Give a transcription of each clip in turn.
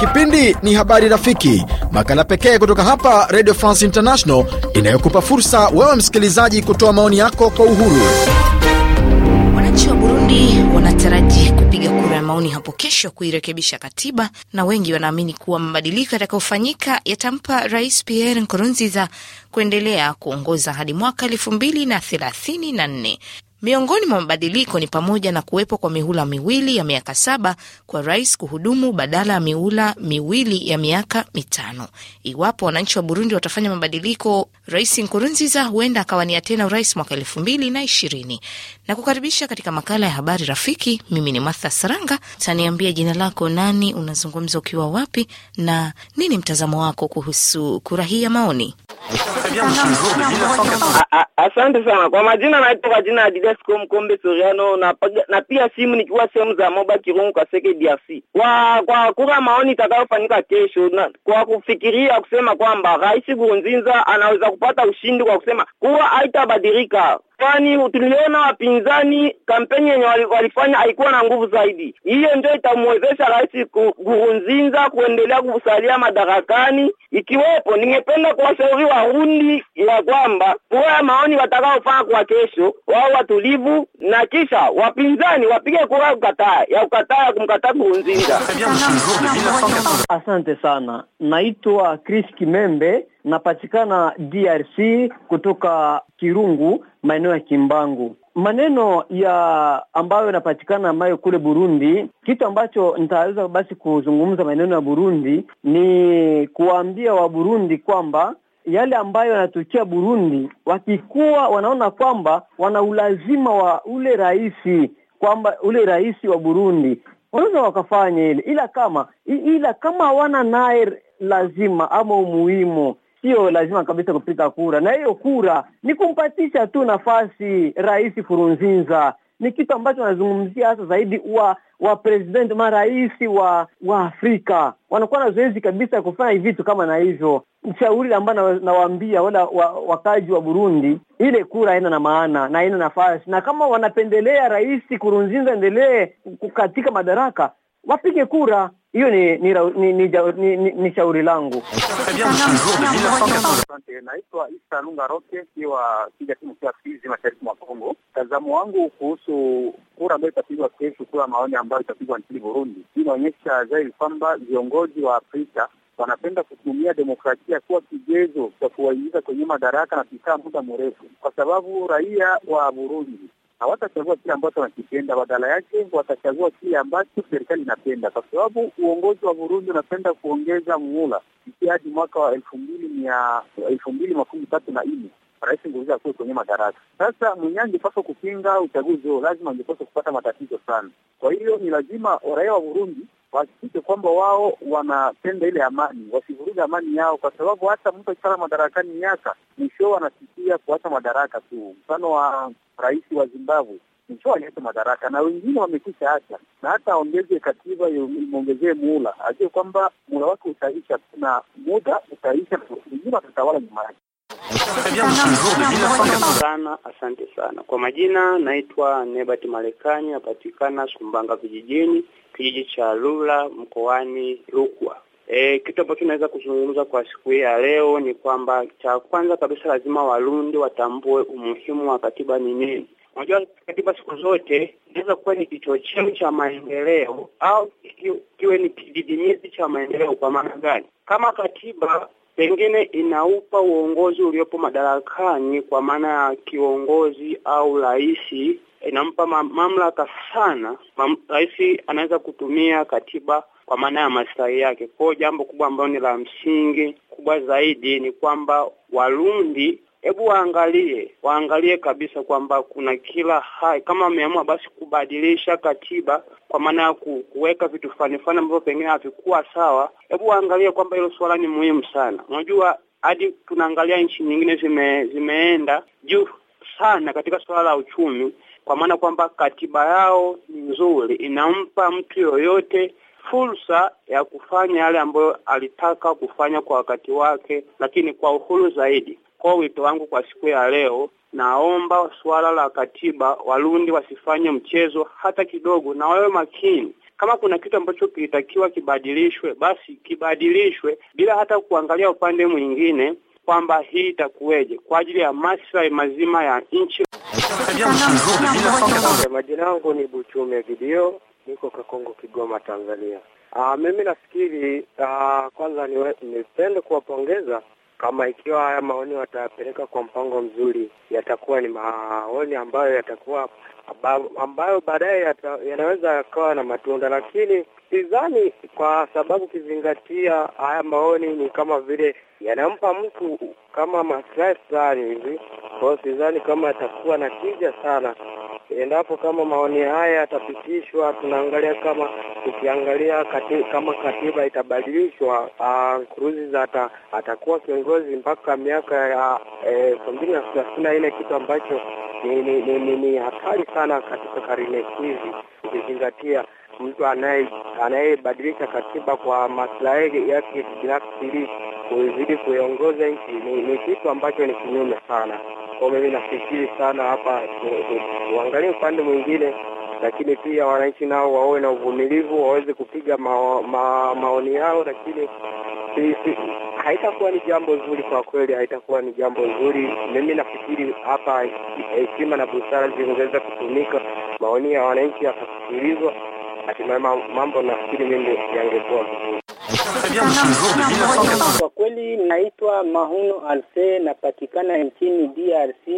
Kipindi ni Habari Rafiki, makala pekee kutoka hapa Radio France International inayokupa fursa wewe msikilizaji kutoa maoni yako kwa uhuru. Wananchi wa Burundi wanataraji kupiga kura ya maoni hapo kesho kuirekebisha katiba, na wengi wanaamini kuwa mabadiliko yatakayofanyika yatampa Rais Pierre Nkurunziza kuendelea kuongoza hadi mwaka elfu mbili na thelathini na nne. Miongoni mwa mabadiliko ni pamoja na kuwepo kwa mihula miwili ya miaka saba kwa rais kuhudumu badala ya mihula miwili ya miaka mitano. Iwapo wananchi wa Burundi watafanya mabadiliko, Rais Nkurunziza huenda akawania tena urais mwaka elfu mbili na ishirini. Na kukaribisha katika makala ya habari rafiki, mimi ni Martha Saranga. Taniambia jina lako, nani unazungumza, ukiwa wapi, na nini mtazamo wako kuhusu kura hii ya maoni? Asante sana kwa majina, naitwa kwa jina Escom Kombe Soriano na, na pia simu nikiwa sehemu za Moba Kirungu kwa Seke DRC. Kwa, kwa kura maoni itakayofanyika kesho na, kwa kufikiria kusema kwamba Rais Gurunzinza anaweza kupata ushindi kwa kusema kuwa haitabadilika kwani tuliona wapinzani kampeni yenye walifanya haikuwa na nguvu zaidi. Hiyo ndio itamwezesha rais Gurunzinza kuendelea kusalia madarakani. Ikiwepo, ningependa kuwashauri Warundi ya kwamba kura ya maoni watakaofanya kwa kesho, wao watu utulivu na kisha wapinzani wapige kura kukataa ya kukataa kumkataa kuunzinga. Asante sana, naitwa Chris Kimembe, napatikana DRC kutoka Kirungu, maeneo ya Kimbangu maneno ya ambayo yanapatikana mayo kule Burundi, kitu ambacho nitaweza basi kuzungumza maneno ya Burundi ni kuwaambia burundi kwamba yale ambayo yanatokea Burundi, wakikuwa wanaona kwamba wana ulazima wa ule rais kwamba ule rais wa Burundi wanaweza wakafanya ile, ila kama ila kama hawana naye lazima ama umuhimu sio lazima kabisa kupiga kura, na hiyo kura ni kumpatisha tu nafasi Rais Furunzinza ni kitu ambacho wanazungumzia hasa zaidi wa wa president marais wa wa Afrika wanakuwa na zoezi kabisa ya kufanya vitu kama na hivyo. Shauri ambayo nawaambia wala wakaji wa Burundi, ile kura haina na maana na haina nafasi, na kama wanapendelea rais Kurunzinza endelee katika madaraka, wapige kura. Hiyo ni ni, ni, ni, ni, ni, shauri langu. Naitwa Isa Lunga Roke, kiwa kija timu kia Fizi, mashariki mwa Kongo. Mtazamo wangu kuhusu kura ambayo itapigwa kesho, kura maoni ambayo itapigwa nchini Burundi, hii inaonyesha zaidi kwamba viongozi wa Afrika wanapenda kutumia demokrasia kuwa kigezo cha kuwaingiza kwenye madaraka na kukaa muda mrefu, kwa sababu raia wa Burundi hawatachagua kile ambacho wanakipenda, badala yake watachagua kile ambacho serikali inapenda, kwa sababu uongozi wa Burundi unapenda kuongeza muhula ikia hadi mwaka wa elfu mbili mia elfu mbili makumi tatu na nne Rais Nguriza akuwe kwenye madaraka. Sasa mwenyewe angepaswa kupinga uchaguzi huo, lazima angepaswa kupata matatizo sana. Kwa hiyo ni lazima raia wa Burundi wahakikishe kwamba wao wanapenda ile amani, wasivuruge amani yao, kwa sababu hata mtu akikala madarakani miaka mwisho anasikia kuacha madaraka tu. Mfano wa rais wa Zimbabwe mwisho aliacha madaraka na wengine wamekwisha acha, na hata aongeze katiba imwongezee muhula, ajue kwamba muhula wake utaisha na muda utaisha, wengine watatawala nyuma yake sana. Asante sana kwa majina, naitwa Nebat Marekani, napatikana Sumbanga vijijini, kijiji cha Lula mkoani Rukwa. E, kitu ambacho naweza kuzungumza kwa siku hii ya leo ni kwamba cha kwanza kabisa lazima Warundi watambue umuhimu wa katiba ni nini. Unajua, katiba siku zote inaweza kuwa ni kichocheo cha maendeleo au kiwe ni kididimizi cha maendeleo. Kwa maana gani? Kama katiba pengine inaupa uongozi uliopo madarakani, kwa maana ya kiongozi au rais, inampa mamlaka sana. Mam, rais anaweza kutumia katiba kwa maana ya maslahi yake. Kwa hiyo jambo kubwa ambalo ni la msingi kubwa zaidi ni kwamba Warundi hebu waangalie, waangalie kabisa kwamba kuna kila hai, kama wameamua basi kubadilisha katiba kwa maana ya kuweka vitu fulani fulani ambavyo pengine havikuwa sawa, hebu waangalie kwamba hilo suala ni muhimu sana. Unajua, hadi tunaangalia nchi nyingine zime, zimeenda juu sana katika suala la uchumi, kwa maana kwamba katiba yao ni nzuri, inampa mtu yoyote fursa ya kufanya yale ambayo alitaka kufanya kwa wakati wake, lakini kwa uhuru zaidi. Kwa wito wangu kwa siku ya leo, naomba suala la katiba, Warundi wasifanye mchezo hata kidogo, na wawe makini. Kama kuna kitu ambacho kilitakiwa kibadilishwe, basi kibadilishwe bila hata kuangalia upande mwingine kwamba hii itakuweje kwa ajili ya maslahi mazima ya nchi. Majina yangu ni Buchume Gidio, niko Kakongo, Kigoma, Tanzania. Aa, ah, mimi nafikiri ah, kwanza nipende kuwapongeza kama ikiwa haya maoni watayapeleka kwa mpango mzuri, yatakuwa ni maoni ambayo yatakuwa ambayo baadaye yanaweza yakawa na matunda, lakini sidhani, kwa sababu ukizingatia haya maoni ni kama vile yanampa mtu kama maslahi fulani hivi, kwao, sidhani kama yatakuwa na tija sana endapo kama maoni haya yatapitishwa, tunaangalia kama ukiangalia kati, kama katiba itabadilishwa, ah, Nkurunziza ata, atakuwa kiongozi mpaka miaka ya eh, elfu mbili na thelathini na nne, kitu ambacho ni, ni, ni, ni, ni hatari sana katika karne hizi ukizingatia mtu anayebadilisha katiba kwa maslahi yake binafsi ili kuzidi kuiongoza nchi ni kitu ambacho ni kinyume sana. Kwa mimi nafikiri sana hapa uangalie upande mwingine, lakini pia wananchi nao wawe na uvumilivu, waweze kupiga ma, ma, maoni yao, lakini haitakuwa ni jambo zuri kwa kweli, haitakuwa ni jambo zuri. Mimi nafikiri hapa heshima na busara zingeweza kutumika, maoni ya wananchi yakasikilizwa, hatimaye mambo nafikiri mimi yangekuwa vizuri. Kwa kweli naitwa Mahuno Alse, napatikana nchini DRC,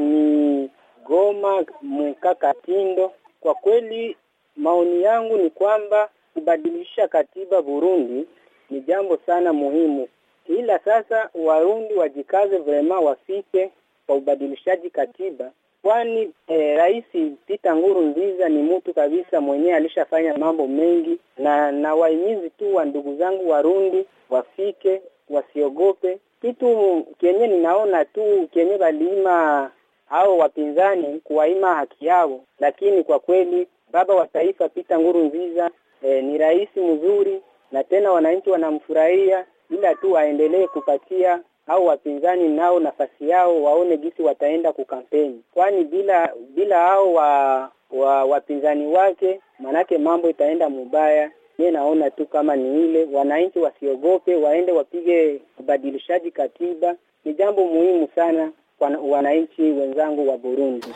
ni Goma Mweka Katindo. Kwa kweli maoni yangu ni kwamba kubadilisha katiba Burundi ni jambo sana muhimu, ila sasa Warundi wajikaze vrema wafike kwa ubadilishaji katiba kwani eh, Rais Pita Nguru Nziza ni mtu kabisa mwenyewe alishafanya mambo mengi, na na wahimizi tu wa ndugu zangu Warundi wafike, wasiogope kitu kenye ninaona tu kenye waliima hao wapinzani kuwaima haki yao, lakini kwa kweli baba wa taifa Pita Nguru Nziza eh, ni rais mzuri na tena wananchi wanamfurahia, ila tu aendelee kupatia au wapinzani nao nafasi yao waone jinsi wataenda kukampeni, kwani bila bila hao wa, wa wapinzani wake manake mambo itaenda mubaya. Mimi naona tu kama ni ile wananchi wasiogope, waende wapige ubadilishaji katiba. Ni jambo muhimu sana wananchi wenzangu wa Burundi.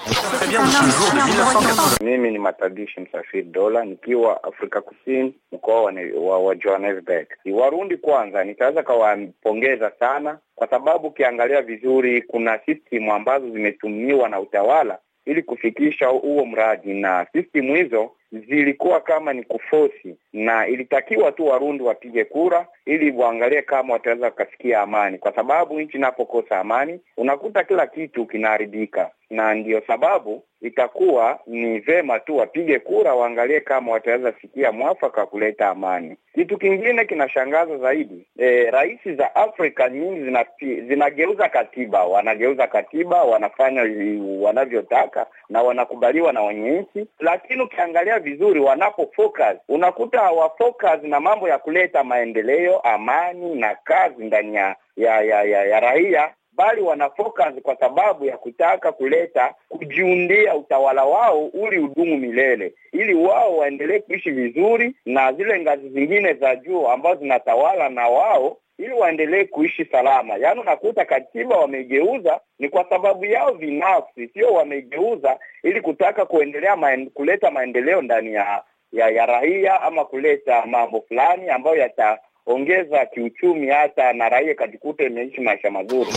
Mimi ni Matadishi Msafiri Dola nikiwa Afrika Kusini, mkoa wa, wa, Johannesburg. Warundi kwanza, nitaweza kawapongeza sana kwa sababu ukiangalia vizuri kuna system ambazo zimetumiwa na utawala ili kufikisha huo mradi, na system hizo zilikuwa kama ni kufosi, na ilitakiwa tu Warundi wapige kura ili waangalie kama wataweza kukasikia amani, kwa sababu nchi inapokosa amani unakuta kila kitu kinaharibika, na ndiyo sababu itakuwa ni vema tu wapige kura, waangalie kama wataweza sikia mwafaka kuleta amani. Kitu kingine kinashangaza zaidi e, raisi za Afrika nyingi zina, zinageuza katiba, wanageuza katiba, wanafanya wanavyotaka na wanakubaliwa na wenye nchi, lakini ukiangalia vizuri, wanapo focus, unakuta focus na mambo ya kuleta maendeleo, amani na kazi ndani ya ya, ya, ya, ya raia bali wana focus kwa sababu ya kutaka kuleta kujiundia utawala wao uli udumu milele, ili wao waendelee kuishi vizuri na zile ngazi zingine za juu ambazo zinatawala na wao ili waendelee kuishi salama. Yaani unakuta katiba wameigeuza ni kwa sababu yao binafsi, sio wameigeuza ili kutaka kuendelea maen, kuleta maendeleo ndani ya, ya ya raia ama kuleta mambo fulani ambayo yata ongeza kiuchumi hata na raia katikute imeishi maisha mazuri.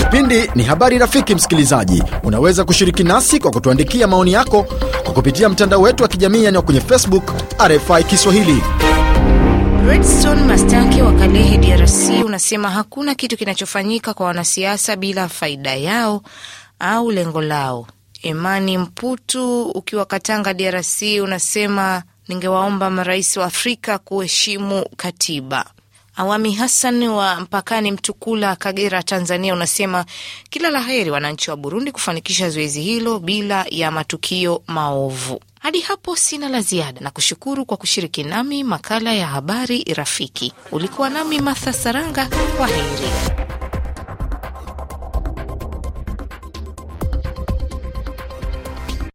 Kipindi ni habari rafiki. Msikilizaji, unaweza kushiriki nasi kwa kutuandikia maoni yako kwa kupitia mtandao wetu wa kijamii, yani kwenye Facebook RFI Kiswahili. Redstone Mastake wa Kalehe, DRC, unasema hakuna kitu kinachofanyika kwa wanasiasa bila faida yao au lengo lao. Imani Mputu ukiwa Katanga, DRC, unasema ningewaomba marais wa Afrika kuheshimu katiba. Awami Hassan wa mpakani Mtukula, Kagera, Tanzania, unasema kila la heri wananchi wa Burundi kufanikisha zoezi hilo bila ya matukio maovu. Hadi hapo sina la ziada na kushukuru kwa kushiriki nami makala ya habari rafiki. Ulikuwa nami matha Saranga, kwa heri.